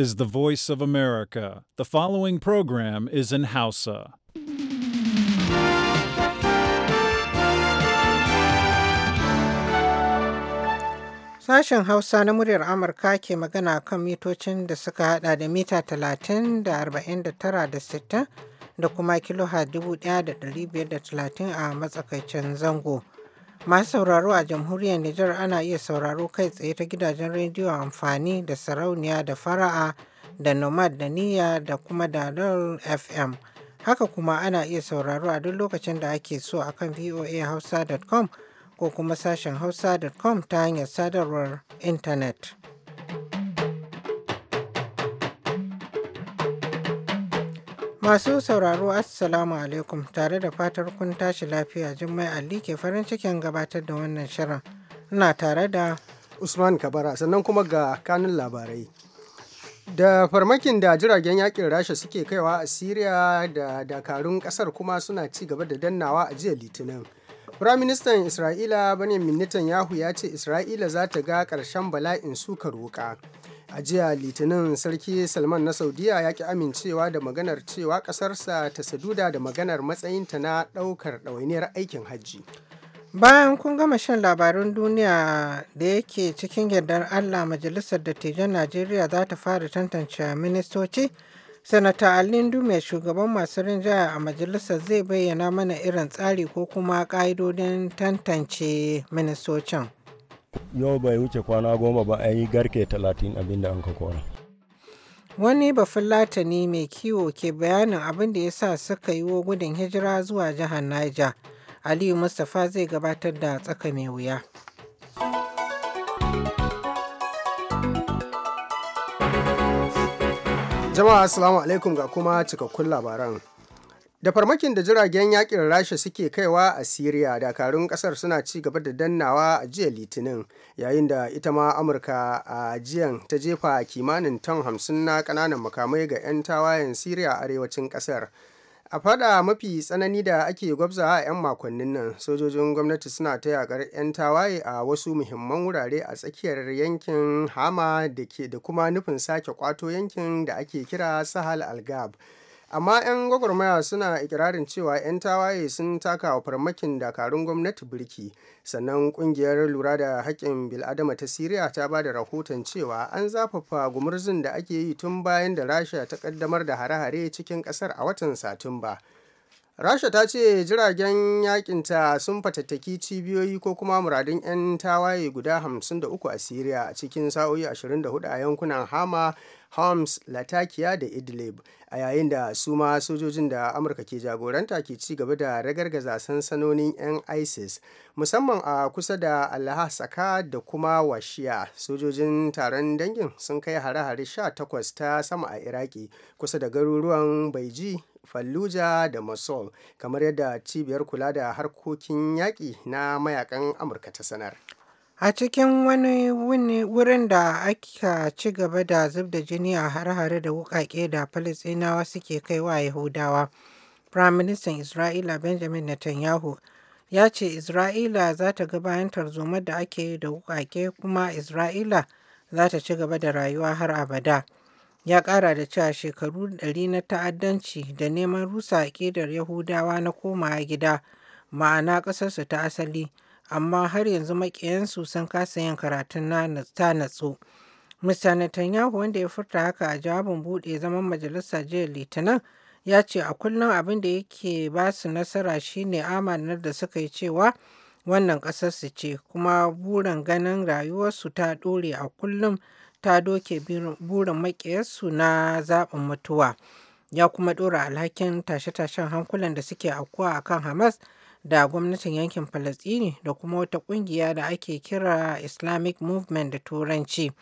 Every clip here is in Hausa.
is the voice of America. The following program is in Hausa. Sashen Hausa na muryar Amurka ke magana kan mitocin da suka hada da mita 30 da 49 da 60 da kuma kilo 1530 a matsakaicin zango. Masu sauraro a jamhuriyar Nijar ana iya sauraro kai tsaye ta gidajen rediyo a amfani da sarauniya da fara'a da nomad da niyya da kuma dalol FM. Haka kuma ana iya sauraro a duk lokacin da ake so a kan voahausa.com ko kuma sashen hausa.com ta hanyar sadarwar intanet. Masu sauraro Assalamu alaikum tare da fatar kun tashi lafiya Jummai Ali ke farin cikin gabatar da wannan shirin. Ina tare da Usman Kabara sannan kuma ga kanun labarai. Da farmakin da jiragen yakin Rasha suke kaiwa a Siriya da dakarun kasar kuma suna ci gaba da dannawa a jiya Litinin. Firaministan Isra'ila minitan yahu ya ce Isra'ila za ta ga ƙarshen bala'in sukar wuka. a jiya litinin sarki salman na saudiya ya ki amincewa da maganar cewa kasarsa ta saduda da maganar matsayinta na daukar ɗawainiyar aikin hajji bayan kun gama shan labarun duniya da yake cikin yardar allah majalisar dattijan najeriya za ta fara tantance ministoci sanata alindu mai shugaban masu rinjaya a majalisar zai bayyana mana irin tsari ko kuma ƙa'idodin tantance ministocin yau bai wuce kwana goma ba an yi garke talatin abinda an ka kora wani bafulata ne mai kiwo ke bayanin abin da ya sa suka yi wa gudun hijira zuwa jihar naija aliyu mustapha zai gabatar da tsaka mai wuya jama'a assalamu alaikum ga kuma cikakkun labaran da farmakin da jiragen yakin rasha suke kaiwa a siriya dakarun kasar suna ci gaba da dannawa a jiya litinin yayin da ita ma amurka a jiyan ta jefa kimanin ton hamsin na kananan makamai ga 'yan tawayen siriya arewacin kasar a fada mafi tsanani da ake gwabza a 'yan makonnin nan sojojin gwamnati suna ta yakar 'yan tawaye a wasu muhimman wurare a tsakiyar yankin hama da kuma nufin sake kwato yankin da ake kira sahal al-gab amma 'yan gwagwarmaya suna ikirarin cewa 'yan tawaye sun taka wa farmakin dakarun gwamnati birki sannan kungiyar lura da haƙƙin biladama ta siriya ta ba da rahoton cewa an zafafa gumurzun da ake yi tun bayan da rasha ta ƙaddamar da hare-hare cikin ƙasar a watan satumba rasha ta ce jiragen yakinta sun fatattaki cibiyoyi ko kuma muradun 'yan tawaye guda 53 a siriya a cikin sa'o'i 24 a yankunan hama Homs Latakia da Idlib a yayin da su ma sojojin da Amurka ke jagoranta ke ci gaba da ragargaza sansanonin 'yan ISIS musamman a kusa da Alhasaka da kuma Washiya sojojin taron dangin sun kai hare-hare 18 ta sama a Iraki kusa da garuruwan Baiji Fallujah da Mosul kamar yadda cibiyar kula da harkokin yaƙi na mayakan Amurka ta sanar. A cikin wani wurin da aka ci gaba da zub da jini a hare-hare da wuƙaƙe da Falasɗinawa suke kai wa Yahudawa, Firaministan Isra'ila Benjamin Netanyahu ya ce Isra'ila za ta ga bayan tarzomar da ake da wuƙaƙe kuma Isra'ila za ta ci gaba da rayuwa har abada. Ya ƙara da cewa shekaru ɗari na ta'addanci da neman rusa aƙidar Yahudawa na komawa gida, ma'ana ƙasarsu ta asali. amma har yanzu maƙiyansu sun kasa yin karatun na ta natsu. mista Netanyahu wanda ya furta haka a jawabin bude zaman majalisa jiya Litinin ya ce a kullum abin da yake ba su nasara shine amanar da suka yi cewa wannan ƙasar su ce kuma burin ganin rayuwarsu ta dore a kullum ta doke burin makiyarsu na zaɓin mutuwa. Ya kuma ɗora alhakin tashe-tashen hankulan da suke a kan Hamas da gwamnatin yankin Falasɗini da kuma wata ƙungiya da ake kira Islamic Movement da Turanci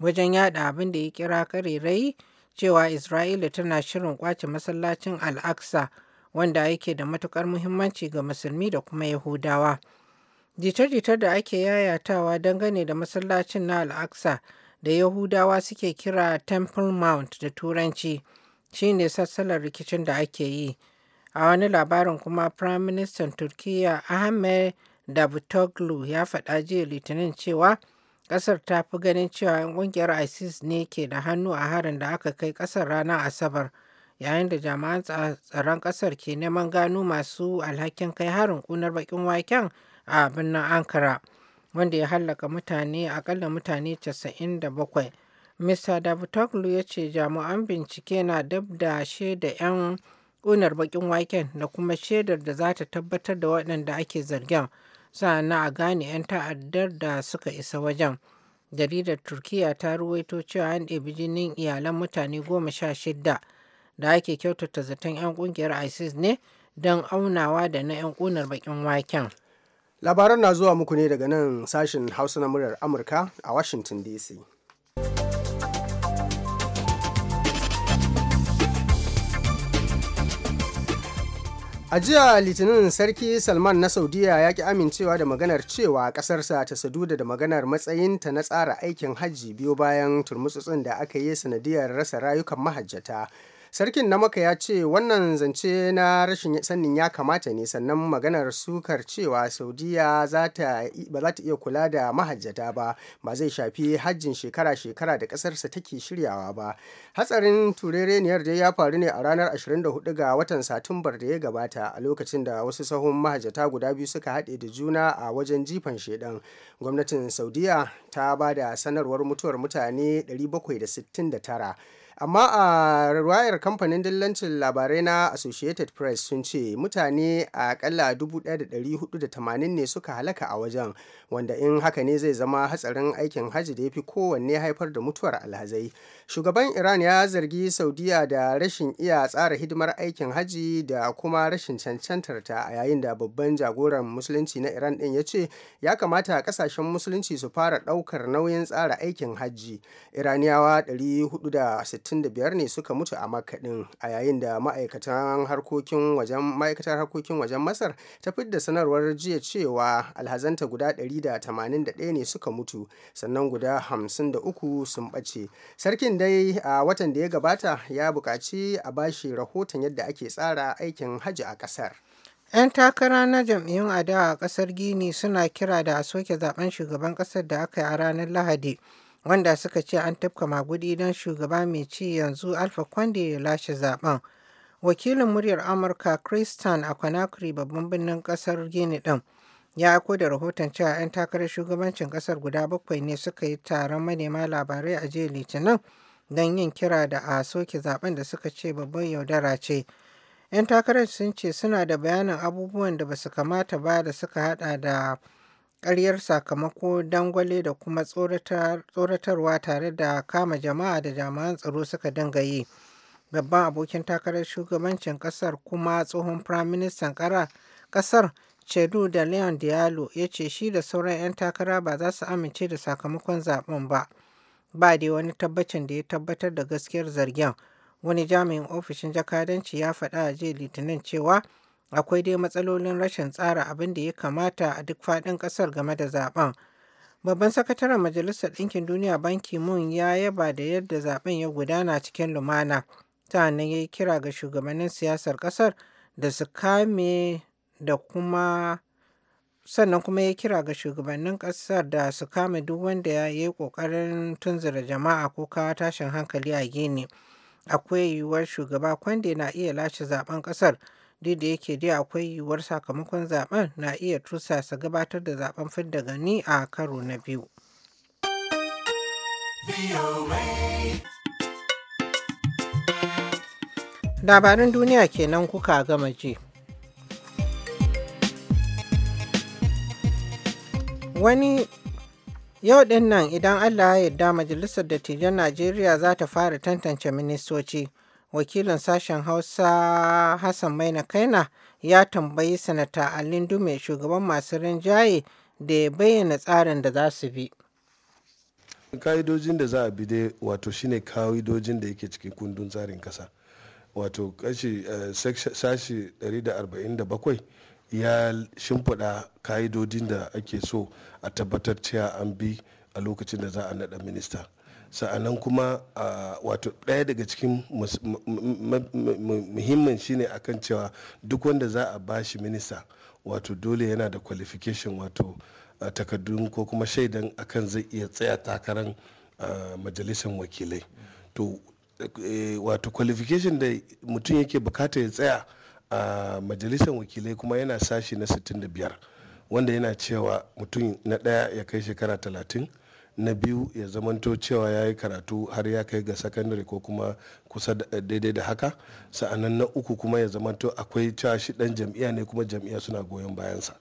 wajen yada abin da ya kira karerai cewa Isra'ila tana shirin kwace masallacin Al-Aqsa wanda yake da matukar muhimmanci ga musulmi da kuma Yahudawa. Jitar-jitar da ake yayatawa dangane da masallacin na Al-Aqsa da Yahudawa suke kira Temple Mount da Turanci shine sassalar rikicin da ake yi. A wani labarin kuma Firaministan Turkiyya Ahmet Davutoglu ya faɗa jiya Litinin cewa ƙasar ta fi ganin cewa 'yan ƙungiyar ISIS ne ke da hannu a harin da aka kai ƙasar ranar Asabar, yayin da jami'an tsaron ƙasar ke neman gano masu alhakin kai harin ƙunar baƙin waken a birnin Ankara, wanda ya hallaka mutane akalla mutane 97. Mista Davutoglu ya ce jami'an bincike na dab da shaida 'yan ƙunar baƙin waken da kuma shaidar da za ta tabbatar da waɗanda ake zargin na a gane 'yan ta'addar da suka isa wajen jaridar turkiya ta ruwaito cewa an ɗebi jinin iyalan mutane goma sha shidda da ake kyautata zaton 'yan ƙungiyar isis ne don aunawa da na 'yan ƙunar baƙin waken labaran na zuwa muku ne daga nan sashen hausa na muryar amurka a washington dc A jiya Litinin Sarki Salman na Saudiya ya ki amincewa da maganar cewa ƙasarsa ta saduda da maganar matsayinta na tsara aikin hajji biyu bayan turmutsutsun da aka yi sanadiyar rasa rayukan mahajjata. sarkin na maka ya ce wannan zance na rashin sannin ya kamata ne sannan maganar sukar cewa saudiya ba za ta iya kula da mahajjata ba ba zai shafi hajjin shekara-shekara da ƙasarsa take shiryawa ba hatsarin turereniyar dai ya faru ne a ranar 24 ga watan satumbar da ya gabata a lokacin da wasu sahun mahajjata guda biyu suka haɗe da juna a wajen jifan shedan gwamnatin saudiya ta ba da sanarwar mutuwar mutane 769 amma a ruwayar kamfanin dillancin labarai na associated press sun ce mutane a akalla 1480 ne suka halaka a wajen wanda in haka ne zai zama hatsarin aikin hajji da ya fi kowanne haifar da mutuwar alhazai shugaban iran ya zargi saudiya da rashin iya tsara hidimar aikin hajji da kuma rashin cancantar ta a yayin da babban jagoran musulunci na iran din ya ce ya kamata kasashen musulunci su fara daukar nauyin tsara aikin hajji iraniyawa 460 65 ne suka mutu a makaɗin a yayin da ma'aikatan harkokin wajen ma'aikatar harkokin wajen masar ta fidda sanarwar jiya cewa alhazanta guda 181 ne suka mutu sannan guda 53 sun ɓace sarkin dai a watan da ya gabata ya buƙaci a bashi rahoton yadda ake tsara aikin hajji a ƙasar 'Yan takara na jam'iyyun adawa a ƙasar Gini suna kira da a soke zaben shugaban ƙasar da aka yi a ranar Lahadi wanda suka ce an tafka magudi don shugaba mai ci yanzu alfa kwande ya lashe zaben wakilin muryar amurka kristan a babban birnin kasar gini din ya aiko da rahoton cewa 'yan takarar shugabancin kasar guda bakwai ne suka yi taron manema labarai a jiya litinin don yin kira da a soke zaben da suka ce babban yaudara ce 'yan takarar sun ce suna da bayanin abubuwan da ba su kamata ba da suka hada da ƙaryar sakamako dangwale da kuma tsoratarwa tare da kama jama'a da jami'an tsaro suka dinga yi babban abokin takarar shugabancin ƙasar kuma tsohon firaministan ƙasar, Chedu da Leon Diallo ya ce shi da sauran 'yan takara ba za su amince da sakamakon zaben ba. Ba dai wani tabbacin da ya tabbatar da gaskiyar zargen. Wani jami'in ofishin jakadanci ya faɗa a jiya Litinin cewa akwai dai matsalolin rashin tsara abin da ya kamata a duk faɗin ƙasar game da zaben. Babban sakataren Majalisar Ɗinkin Duniya Banki Mun ya yaba da yadda zaben ya gudana cikin lumana, sannan ya yi kira ga shugabannin siyasar ƙasar da su kame da kuma sannan kuma ya kira ga shugabannin ƙasar da su kame duk wanda ya yi ƙoƙarin tunzura jama'a ko kawo tashin hankali a gini. Akwai yiwuwar shugaba kwande na iya lashe zaben ƙasar duk da yake dai akwai yiwuwar sakamakon zaben na iya tursasa gabatar da zaben fidda gani a karo na biyu. Labaran duniya kenan kuka gama ji. Wani Yau ɗin nan idan Allah ya yarda Majalisar Dattijan Najeriya za ta fara tantance ministoci. wakilin sashen Hausa Hassan Maina Kaina ya tambayi Sanata Alin mai shugaban masu rinjaye da ya bayyana tsarin da za su bi. Ka'idojin da za a bi dai wato shine ka'idojin da yake cikin kundin tsarin kasa. Wato kashi eh, sashi 147 ya shimfiɗa ka'idojin da ake so a tabbatar cewa an bi a lokacin da za a naɗa minista. sa'anan kuma wato ɗaya daga cikin muhimmin shine akan cewa duk wanda za a bashi minista wato dole yana da qualification wato takardun ko kuma shaidan akan zai iya tsaya takarar majalisar wakilai to e, wato qualification da mutum yake bukata ya tsaya a majalisar wakilai kuma yana sashi na 65 wanda yana cewa mutum na ɗaya ya kai shekara 30 na biyu ya zamanto cewa ya yi karatu har ya kai ga sakandare ko kuma kusa eh, daidai da haka sa'annan na uku kuma ya zamanto akwai cewa shi dan jam'iyya ne kuma jam'iyya suna goyon bayansa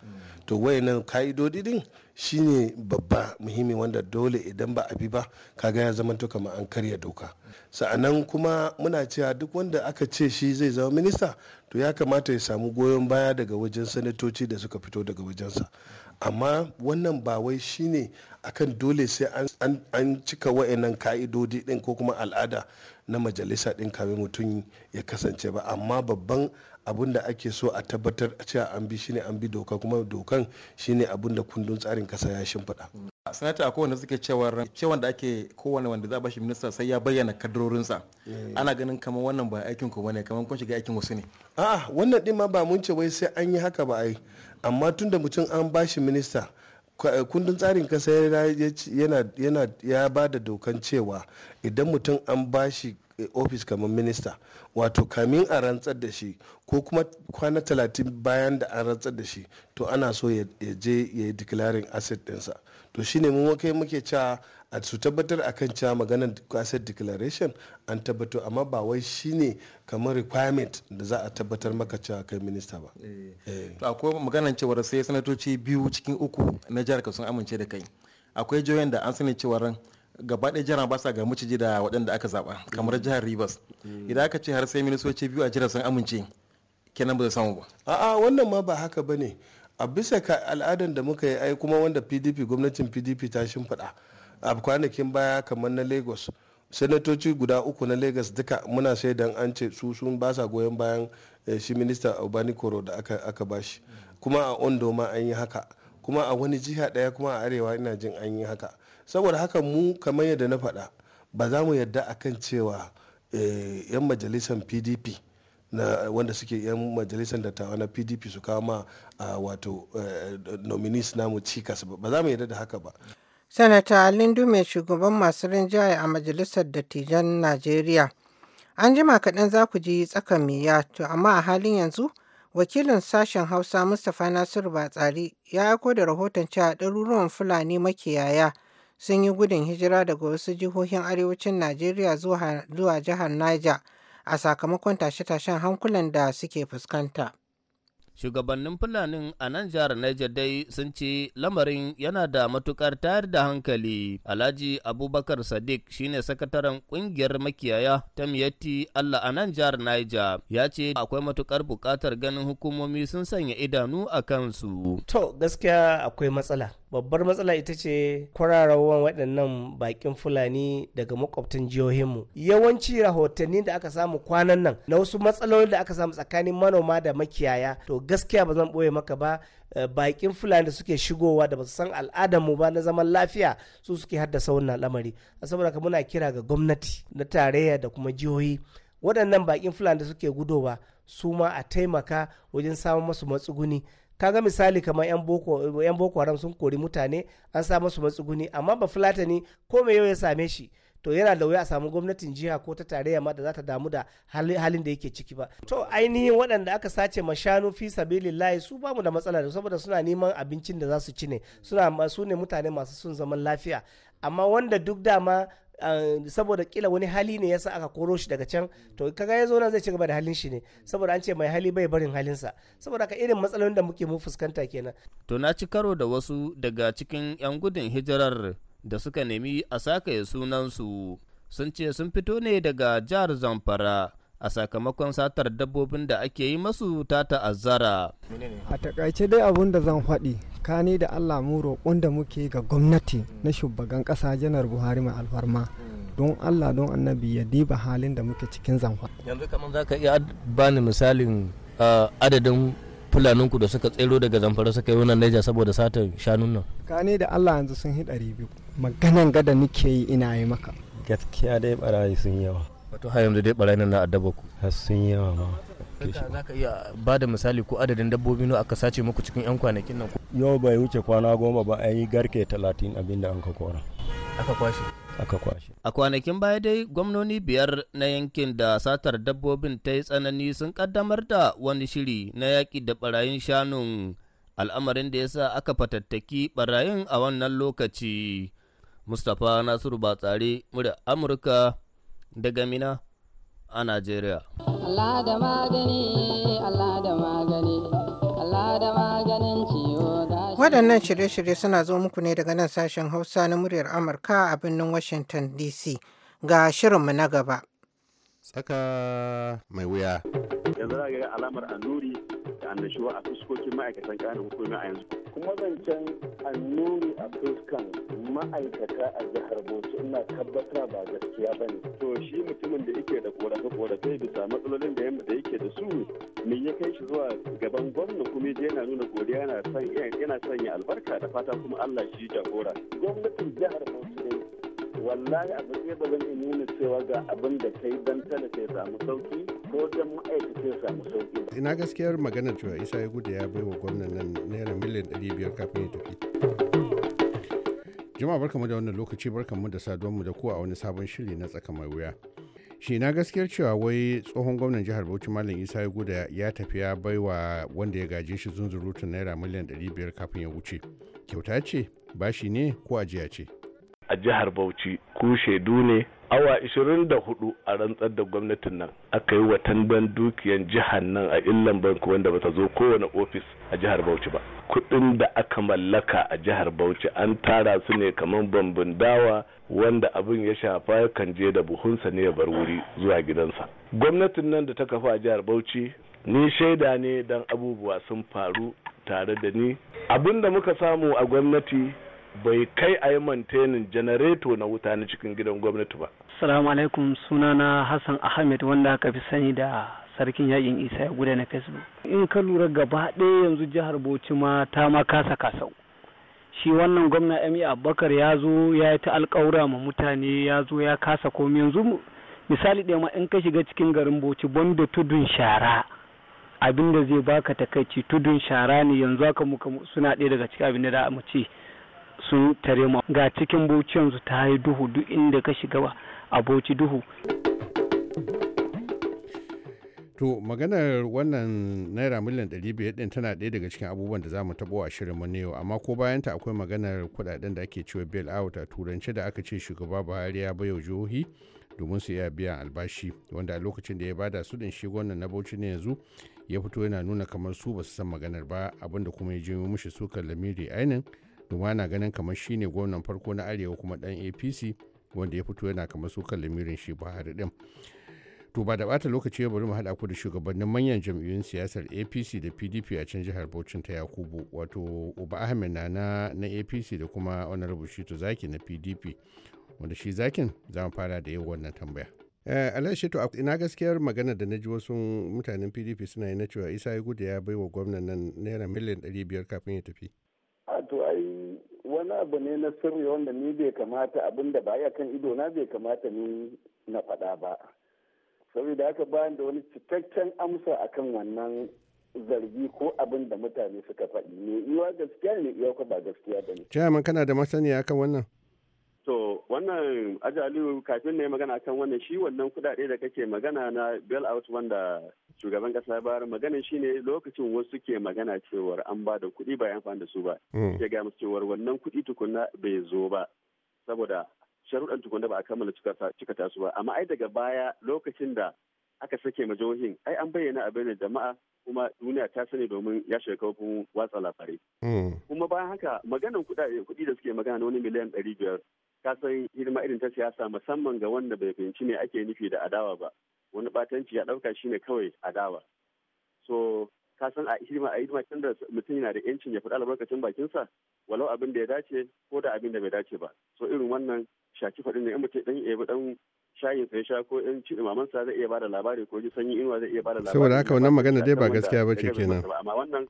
to nan ka'idodi din shine babba muhimmi wanda dole idan ba a bi ba kaga ya zamanto kamar an karya doka sa'annan kuma muna cewa duk wanda aka ce shi zai zama minista to ya kamata ya samu goyon baya daga wajen sanatoci da suka fito daga wajensa amma wannan ba wai shine akan dole sai an cika wa'annan ka'idodi din ko kuma al'ada na majalisa din kawai mutum ya kasance ba amma babban abin da ake so a tabbatar a cewa an bi shine an bi doka kuma dokan shine abin da kundin tsarin kasa ya shimfiɗa. sanata a kowane suke cewa cewan da ake kowane wanda za a bashi minista sai ya bayyana kadrorinsa eh. ana ganin kamar wannan ba aikin ku bane kamar kun shiga aikin wasu ne a'a wannan din ma ba mun ce wai sai an yi haka ba ai amma tun da mutum an ba shi minista eh, kundin tsarin kasa yana ya ba da dokan cewa idan mutum an bashi ofis kamar minista wato kamin a rantsar da shi ko kuma kwana talatin bayan da an rantsar da shi to ana so ya je ya yi declaring asset sa to shine mun kai muke cewa a su tabbatar a kan cewa maganar asset declaration an tabbato amma ba wai shine kamar requirement da za a tabbatar maka cewa kai minista ba eh, eh. to akwai maganar cewar sai sanatoci biyu cikin uku na jihar sun amince da kai akwai jihohin da an sani cewar gaba ɗaya jihar ba sa ga maciji da waɗanda aka zaɓa kamar mm. jihar rivers mm. idan aka ce har sai ministoci biyu a jihar sun amince kenan ba samu ba a'a wannan ma ba haka ba ne a bisa ka al'adar da muka yi ai kuma wanda pdp gwamnatin pdp ta shimfiɗa a kwanakin baya kamar na lagos sanatoci guda uku na lagos duka muna sai dan an ce su sun ba sa goyon bayan eh, shi minista obani koro da aka bashi mm. kuma a ondo ma an yi haka kuma a wani jiha daya kuma a arewa ina jin an yi haka saboda haka mu kamar yadda na faɗa ba za mu yadda akan cewa eh, 'yan majalisar pdp na wanda suke 'yan majalisar dattawa na pdp su kawo ma a wato eh, nominees namu cikas ba ba za mu yadda da haka ba sanata lindu mai shugaban masu rinjaye a majalisar dattijan najeriya an jima kaɗan za ku ji tsakan miya to amma a halin yanzu wakilin sashen hausa mustapha nasiru batsari ya aiko da rahoton cewa ɗaruruwan fulani makiyaya sun yi gudun hijira daga wasu jihohin arewacin Najeriya zuwa jihar Niger a sakamakon tashe-tashen hankulan da suke fuskanta. Shugabannin Fulanin a nan jihar Niger dai sun ce lamarin yana da matukar tayar da hankali. Alhaji Abubakar Sadiq shine sakataren kungiyar makiyaya ta Miyatti Allah a nan jihar Niger. Ya ce akwai matukar bukatar ganin hukumomi sun sanya idanu a kansu. To gaskiya akwai matsala. babbar matsala ita ce kwararrawan waɗannan bakin fulani daga makwabtan jihohinmu yawanci rahotanni da aka samu kwanan nan na wasu matsaloli da aka samu tsakanin manoma da makiyaya to gaskiya ba zan ɓoye maka ba eh, bakin fulani da suke shigowa da basu san al'adarmu ba na zaman lafiya su suke haddasa wannan a saboda ka muna kira ga gwamnati na tarayya da kuma jihohi waɗannan bakin fulani da suke gudowa su ma a taimaka wajen samun masu matsuguni Ka ga misali kamar yan boko yan boko haram sun kori mutane an sa musu matsuguni amma ba fulatani ko me yau ya same shi to yana da wuya a samu gwamnatin jiha ko ta tarayya ma da za ta damu da halin da yake ciki ba to ainihin waɗanda aka sace ma shanu fi sabilillahi su bamu da matsala da saboda suna neman abincin da za su ci ne suna su ne mutane masu sun zaman lafiya amma wanda duk dama saboda kila wani hali ne yasa aka koro shi daga can to kaga ya zo nan zai ci gaba da halin shi ne saboda an ce mai hali bai barin halinsa saboda ka irin matsalolin da muke mu fuskanta kenan to na ci karo da wasu daga cikin yan gudun hijirar da suka nemi a sakaye sunansu sun ce sun fito ne daga jihar zamfara a sakamakon satar dabbobin da ake yi masu ta ta'azzara. A takaice dai abun da zan faɗi kani da Allah mu roƙon da muke ga gwamnati na shugaban ƙasa janar Buhari mai alfarma hmm. don Allah don annabi ya diba halin da muke cikin zanfa. Yanzu kamar za ka iya bani misalin ah, adadin fulaninku da suka tsero daga zamfara suka yi wannan Niger saboda satar shanun nan. Kani da Allah yanzu sun hi ɗari biyu maganan gada nike yi ina yi maka. Gaskiya dai barayi sun yawa. wato har yanzu dai barayin na addaba ku har sun yi yawa ma za ka iya ba da misali ko adadin dabbobi nawa aka sace muku cikin yan kwanakin nan yau bai wuce kwana goma ba an yi garke talatin da an ka kora aka kwashe aka kwashe a kwanakin baya dai gwamnoni biyar na yankin da satar dabbobin ta yi tsanani sun kaddamar da wani shiri na yaƙi da barayin shanun al'amarin da ya sa aka fatattaki barayin a wannan lokaci mustapha nasiru batsare murya amurka daga Mina a Najeriya. Allah da magani, Allah da magani, Allah da maganin ciwo Waɗannan shirye-shirye suna zo muku ne daga nan sashen Hausa na muryar Amurka a birnin Washington DC. Ga shirinmu na gaba. Tsaka mai wuya. Yanzu za ga alamar annuri da annashuwa a fuskokin ma'aikatan ƙarin hukumi a yanzu. kuma zancen annuri a fuskan ma'aikata a jihar bauchi ina tabbata ba gaskiya ba ne. to shi mutumin da yake da korafe korafe bisa matsalolin da yamma da yake da su me ya kai shi zuwa gaban gwamna kuma yana nuna godiya yana son yana ya albarka da fata kuma Allah shi jagora. gwamnatin jihar bauchi ne wallahi a ba zan nuna cewa ga abin da kai dan talaka ya samu sauki ina gaskiyar maganar cewa isa ya gudu ya bai wa gwamnan nan naira miliyan 500 kafin ya tafi jama'a barkamu da wannan lokaci barkamu da saduwanmu da kuwa a wani sabon shiri na tsaka mai wuya shi na gaskiyar cewa wai tsohon gwamnan jihar bauchi malam isa ya ya tafi ya baiwa wanda ya gaje shi zunzurutun naira miliyan 500 kafin ya wuce kyauta ce bashi ne ko ajiya ce a jihar bauchi ku shaidu ne awa 24 a rantsar da gwamnatin nan aka yi watan ban dukiyan jihar nan a illan banku wanda bata zo kowane ofis a jihar bauchi ba kudin da aka mallaka a jihar bauchi an tara su ne kamar bambun dawa wanda abin ya shafa kan je da buhunsa ne ya bar wuri zuwa gidansa gwamnatin nan da ta kafa a jihar bauchi ni shaida ne dan abubuwa sun faru tare da ni abin da muka samu a gwamnati bai kai a yi mantenin janareto na wuta na cikin gidan gwamnati ba. Salamu alaikum sunana Hassan Ahmed wanda aka fi sani da sarkin yakin isa ya gudana na facebook in ka lura gaba ɗaya yanzu jihar bauchi ma ta ma kasa kasau shi wannan gwamna emi abubakar ya zo ya yi ta alƙawura ma mutane ya zo ya kasa komai yanzu misali ɗaya ma in ka shiga cikin garin bauchi da tudun shara abin da zai baka takaici tudun shara ne yanzu haka muka suna ɗaya daga cikin abin da mu ce sun tare mu ga cikin bociyansu ta yi duhu duk inda ka shiga ba a boci duhu To maganar wannan naira miliyan 500 din tana ɗaya daga cikin abubuwan da za mu taɓo a shirin na yau amma ko bayanta akwai maganar kuɗaɗen da ake cewa bail out a turance da aka ce shugaba Buhari ya bayo jihohi domin su iya biyan albashi wanda a lokacin da ya bada su din shi wannan na Bauchi ne yanzu ya fito yana nuna kamar su ba su san maganar ba abinda kuma ya jiyo mushi sukar lamiri ainin Duma na ganin kamar ne gwamnan farko na Arewa kuma dan APC wanda ya fito yana kamar su kan lamirin shi Buhari din. To ba da bata lokaci ya bari mu hada ku da shugabannin manyan jam'iyyun siyasar APC da PDP a can jihar Bauchin ta Yakubu wato Uba Ahmed na na APC da kuma Honorable Shitu Zaki na PDP wanda shi zakin za mu fara da yau wannan tambaya. Eh, alhashi to ina gaskiyar magana da na ji wasu mutanen pdp suna yi na cewa isa ya gudu ya bai wa gwamnan nan naira miliyan 500 kafin ya tafi abu ne na sirri wanda ni bai kamata abin da baya kan ido na bai kamata ni na faɗa ba saboda haka bayan da wani cikakken amsa akan wannan zargi ko abin da mutane suka faɗi ne iya gaskiya ne iya ba gaskiya ba ne. kana da masaniya kan wannan? To wannan ajaliyu kafin na yi magana kan wannan shi wannan kudade da kake magana na out wanda shugaban kasa bayar maganin shi ne lokacin wasu ke magana cewar an ba da kuɗi bayan amfani da su ba. Hmm. Ya ga musu cewar wannan kuɗi tukuna bai zo ba saboda sharuɗan tukuna ba a kammala cika tasu ba amma ai daga baya lokacin da aka sake majohin ai an bayyana a bayyana jama'a kuma duniya ta sani domin ya shiga kafin watsa labarai. Hmm. Kuma bayan haka maganan kuɗi da suke magana na wani miliyan ɗari biyar ka san hidima irin ta siyasa musamman ga wanda bai fahimci ne ake nufi da adawa ba wani batanci ya ɗauka ne kawai adawa so ka san a hidima a hidima tun da mutum yana da yancin ya faɗi albarkacin bakinsa walau abin da ya dace ko da abin da bai dace ba so irin wannan shaki faɗin ne in mutum ɗan ya ɗan shayin sai sha ko in ci mamansa zai iya bada labari ko ji sanyi inuwa zai iya bada labari saboda haka wannan magana dai ba gaskiya ba ce kenan amma wannan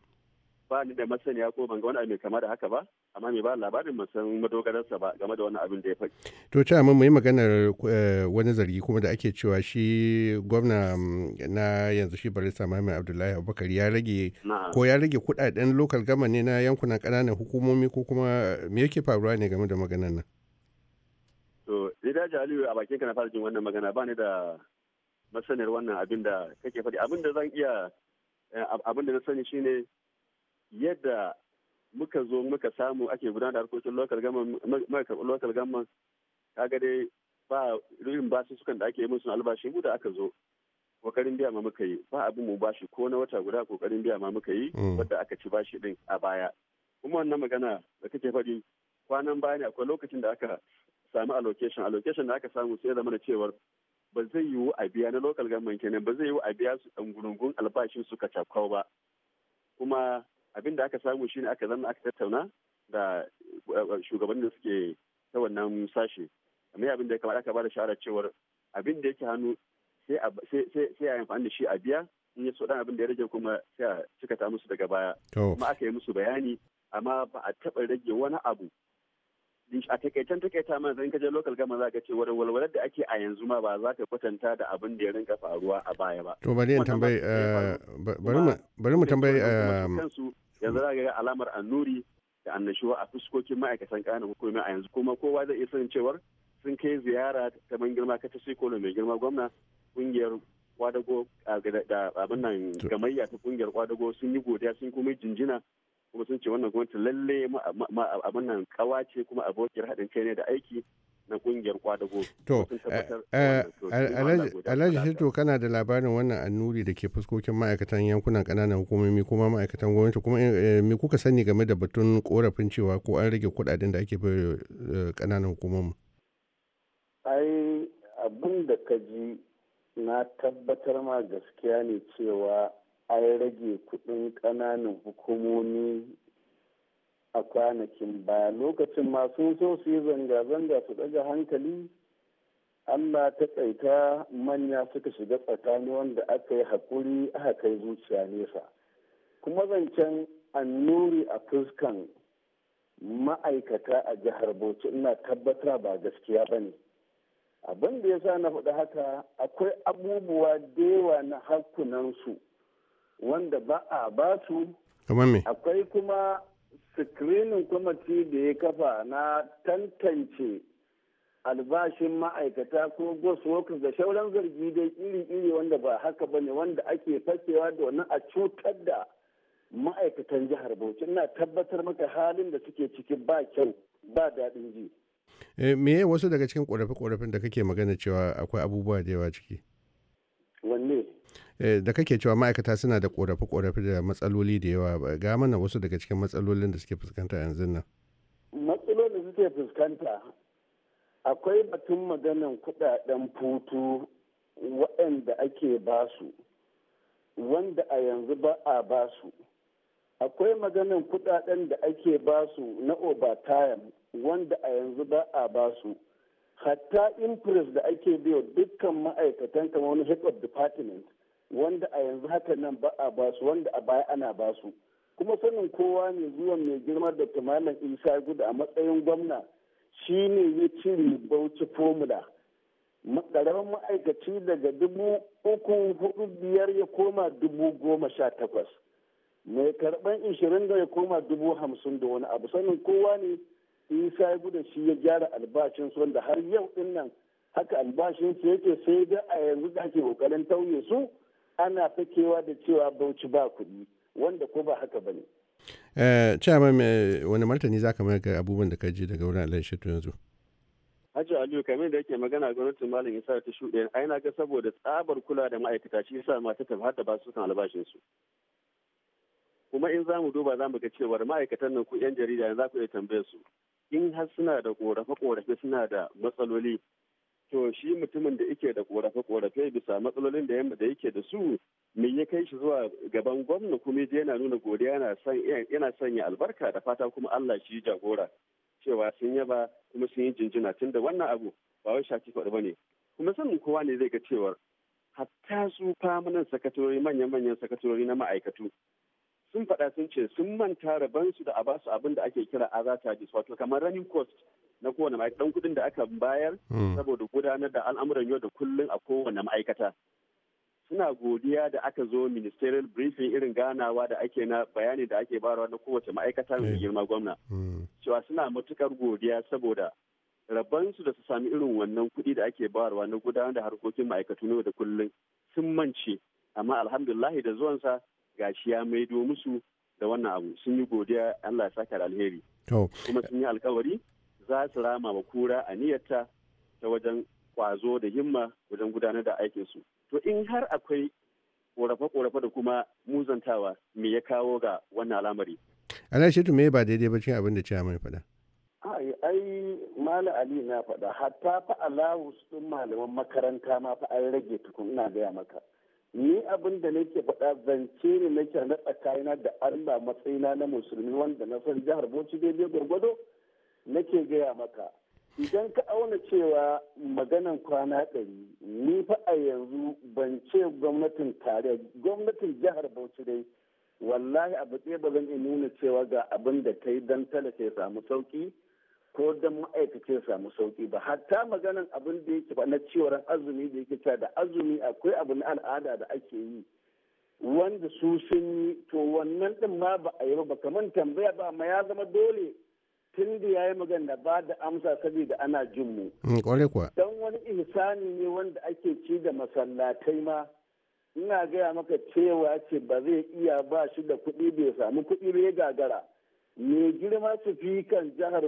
ba ni da masaniya ko ban ga wani abu mai kama da haka ba amma mai ba labarin ban san madogararsa ba game da wani abin da ya faɗi. to ci amma yi maganar eh, wani zargi kuma da ake cewa shi gwamna mm, na yanzu shi barista mahammed abdullahi abubakar ya rage ko ya rage kuɗaɗen lokal gama ne na yankunan ƙananan hukumomi ko kuma me yake faruwa ne game da maganar nan. to ni da aliyu a bakin ka na fara jin wannan magana ba ni da masaniyar wannan abin da kake faɗi abin da zan iya eh, abin da na sani shine yadda muka zo muka samu ake gudanar da harkokin local government kaga dai ba irin basu sukan da ake yi musu albashi mu da aka zo kokarin biya ma muka yi ba abin mu bashi ko na wata guda kokarin biya ma muka yi mm. wadda aka ci bashi din a baya kuma wannan magana da kake faɗi kwanan baya ne akwai lokacin da aka sami allocation allocation da aka samu sai zama da cewar ba zai yiwu a biya na local government kenan ba zai yiwu a biya su ɗan gurungun albashin su ka ba kuma abin da aka samu shine aka zama aka tattauna da eh, eh, shugabannin da suke ta wannan sashe amma abin da ya kamata aka ba da shawara cewar abin da yake hannu sai a yi amfani da shi a biya in ya so dan abin da ya rage kuma sai a cikata musu daga baya kuma aka yi musu bayani amma ba a taɓa rage wani abu a takaitan takaita ma zan kaje local gama za ka ce walwalar da ake a yanzu ma ba za ka kwatanta da abin da ya rinka faruwa a baya ba to bari mu tambayi eh, bari mu tambayi yanzu za ga alamar annuri da annashuwa a fuskokin ma'aikatan ƙananan hukumomi a yanzu kuma kowa zai iya sanin cewar sun kai ziyara ta ban girma ka ta sikolo mai girma gwamna kungiyar kwadago da abin nan gamayya ta kungiyar kwadago sun yi godiya sun kuma jinjina kuma sun ce wannan gwamnati lalle abin nan kawa ce kuma abokiyar haɗin kai ne da aiki na kungiyar kwadago to eh, eh, alhaji hito kana da labarin wannan annuri da ke fuskokin ma'aikatan yankunan kananan hukumomi kuma ma'aikatan gwamnati kuma eh, me kuka sani game da batun korafin cewa ko an rage kudaden da ake bai kananan hukumomi ai abin da ka ji na tabbatar ma gaskiya ne cewa an rage kudin kananan hukumomi a kwanakin baya lokacin masu so su yi zanga-zanga su daga hankali allah ta tsaita manya suka shiga tsakani wanda aka yi haƙuri aka kai zuciya nesa kuma zancen annuri a fuskan ma'aikata a jihar bauchi ina tabbata ba gaskiya ba ne abin da ya sa na faɗi haka akwai abubuwa da yawa na hakunansu wanda ba a ba su akwai kuma sikirinin kwamiti da ya kafa na tantance albashin ma'aikata ko ghost workers da shauran zargi dai iri-iri wanda ba haka ba ne wanda ake da wani a cutar da ma'aikatan jihar bauchi na tabbatar maka halin da suke ciki ba kyau ba daɗin ji. Eh, me wasu daga cikin ƙorafe-ƙorafen da kake magana cewa akwai abubuwa da yawa ciki? wanne Eh, da kake cewa ma'aikata suna da korafe-korafe da matsaloli da yawa ga mana wasu daga cikin matsalolin da suke fuskanta yanzu nan matsalolin suke fuskanta akwai batun maganan kudaden futu waɗanda ake basu wanda a yanzu ba a basu akwai maganan kudaden da ake basu na overtime wanda a yanzu ba a basu hatta impress da ake biyo dukkan ma'aikatan kamar wani head of department wanda a yanzu haka nan ba a basu wanda a baya ana basu kuma sanin kowa ne zuwan mai girma da malam isa gudu a matsayin gwamna shi ne ya cire bauchi formula ƙaramin ma'aikaci daga dubu uku hudu biyar ya koma dubu goma sha takwas mai karɓan ishirin da ya koma dubu hamsin da wani abu sanin kowa ne isa guda shi ya gyara albashinsu wanda har yau din haka albashin su yake sai da a yanzu da ake kokarin tauye su ana fakewa da cewa bauchi ba kuɗi wanda ko ba haka ba ne. Eh, Chairman wani martani za ka ga abubuwan da ka ji daga wurin Allah yanzu? Hajji Aliyu kamar da yake magana gwamnatin Malam Isa ta shuɗe a na ga saboda tsabar kula da ma'aikata shi yasa mata ta har da ba su kan albashin su. Kuma in zamu duba za mu ga cewa ma'aikatan nan ku 'yan jarida za ku iya tambayar su. In har suna da korafe-korafe suna da matsaloli to shi mutumin da yake da korafe-korafe bisa matsalolin da yamma da yake da su me ya kai shi zuwa gaban gwamna kuma je yana nuna godiya yana san yana sanya albarka da fata kuma Allah shi jagora cewa sun yaba kuma sun yi jinjina tun da wannan abu ba wai shafi faɗi ba ne kuma sanin kowa ne zai ga cewar hatta su famanan sakatori manyan-manyan sakatori na ma'aikatu sun faɗa sun ce sun manta rabansu da a basu abin da ake kira azata wato kamar running cost na kowane ma'aikata dan kuɗin da aka bayar hmm. saboda gudanar da al'amuran yau da kullum a kowane ma'aikata suna godiya da aka zo ministerial briefing irin ganawa da ake na bayani da ake barawa na kowace ma'aikata mai hmm. girma gwamna hmm. cewa suna matukar godiya saboda rabansu da su sami irin wannan kuɗi da ake bayarwa na gudanar da harkokin ma'aikatu yau da kullum sun mance amma alhamdulillahi da zuwansa gashi ya maido musu da wannan abu sun yi godiya Allah ya saka alheri kuma sun yi alkawari za su rama wa kura a niyyata ta wajen kwazo da himma wajen gudanar da aikinsu. To in har akwai korafe-korafe da kuma muzantawa me ya kawo ga wannan al'amari. Ana shi me ba daidai ba cikin abin da cewa mai faɗa. Ai, mala Ali na faɗa, hatta fa alawu ɗin malaman makaranta ma fa an rage tukun ina gaya maka. Ni abin da nake faɗa zance ne nake na tsakanina da Allah matsayina na musulmi wanda na san jihar Bauchi daidai gwargwado. nake gaya maka idan ka auna cewa maganan kwana ɗari ni fa a yanzu ban ce gwamnatin tare gwamnatin jihar bauchi dai wallahi abu batse ba zan iya nuna cewa ga abin da ta yi don talaka ya samu sauki ko don ma'aikaci ya samu sauki ba hatta maganan abin da yake na cewar azumi da yake cewa da azumi akwai abu na al'ada da ake yi wanda su sun yi to wannan din ma ba a yi ba kamar tambaya ba ma ya zama dole tun da ya yi magana ba da amsa saboda ana jin mu. Mm, kware kuwa. Don wani ihsani ne wanda ake ci da masallatai ma. Ina gaya maka cewa ce ba zai iya ba shi da kuɗi bai samu kuɗi ya gagara. Mai girma su fi kan jihar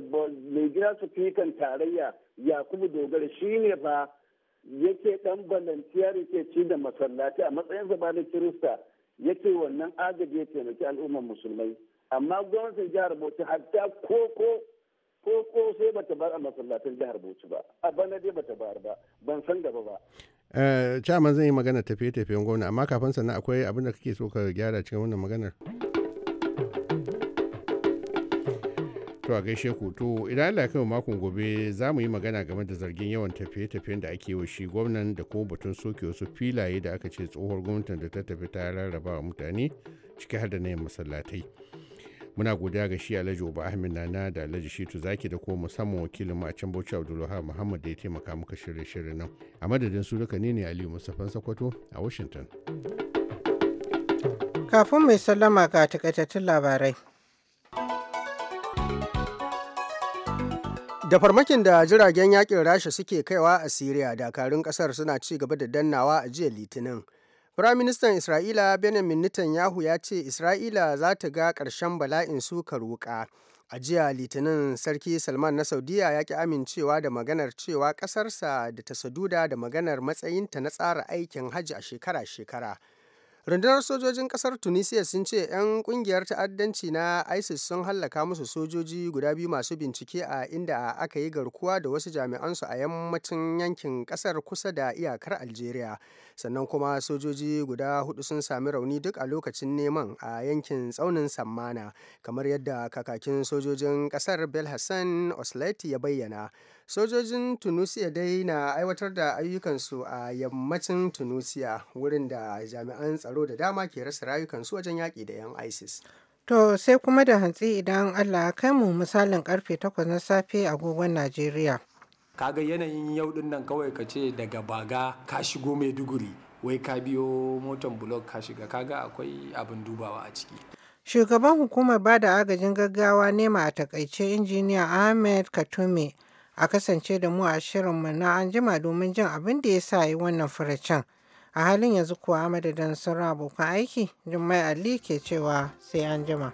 mai girma su fi kan tarayya Yakubu Dogara shi ne ba yake dan balanciyar yake ci da masallatai a matsayin ba da Kirista yake wannan agaji ya taimaki al'ummar musulmai. amma gwamnatin jihar bauchi hatta koko koko sai bata bar a masallatin jihar bauchi ba a bana dai bata bar ba ban san gaba ba eh, chairman zan yi magana tafiye-tafiyen gwamna amma kafin sannan akwai abin da kake so ka gyara cikin wannan maganar to a gaishe ku to idan Allah ya makon gobe za mu yi magana game da zargin yawan tafiye-tafiyen da ake wa shi gwamnan da kuma batun soke wasu filaye da aka ce tsohuwar gwamnatin da ta tafi ta rarraba wa mutane ciki har da na yin masallatai muna godiya ga shi alhaji uba ahmed nana da alhaji shitu zaki da kuma musamman wakilin mu a can bauchi abdulwahab muhammad da ya taimaka muka shirye shirye nan a madadin su duka ne ne ali mustapha sakwato a washington kafin mai sallama ga takaitattun labarai da farmakin da jiragen yakin rasha suke kaiwa a siriya dakarun kasar suna ci gaba da dannawa a jiya litinin Firaministan Isra'ila Benjamin Netanyahu ya ce Isra'ila za ta ga ƙarshen bala'in sukar wuƙa. A jiya Litinin Sarki Salman na Saudiyya ya ki amincewa da maganar cewa ƙasarsa da ta saduda da maganar matsayinta na tsara aikin hajji a shekara-shekara. rundunar sojojin kasar tunisia sun ce 'yan kungiyar ta'addanci na isis sun hallaka musu sojoji guda biyu masu bincike a inda aka yi garkuwa da wasu jami'ansu a yammacin yankin kasar kusa da iyakar algeria sannan kuma sojoji guda hudu sun sami rauni duk a lokacin neman a yankin tsaunin sammana kamar yadda kakakin sojojin kasar belhassan osleti ya bayyana sojojin tunisia dai na aiwatar da ayyukansu a yammacin tunisia wurin da jami'an tsaro da dama ke rasa rayukansu wajen yaƙi da 'yan isis to sai kuma da hantsi idan allah kai mu misalin karfe 8 na safe agogon najeriya kaga yanayin yau din nan kawai ka ce daga baga ka shigo maiduguri wai ka biyo motan blog ka shiga kaga akwai abin dubawa a ciki shugaban hukumar ba da agajin gaggawa nema a takaice injiniya ahmed katume a kasance da mu a shirinmu na anjima domin jin abin da ya sa yi wannan faracin. A halin yanzu kuwa a madadin sauran abokan aiki, Jummai Ali ke cewa sai an jima.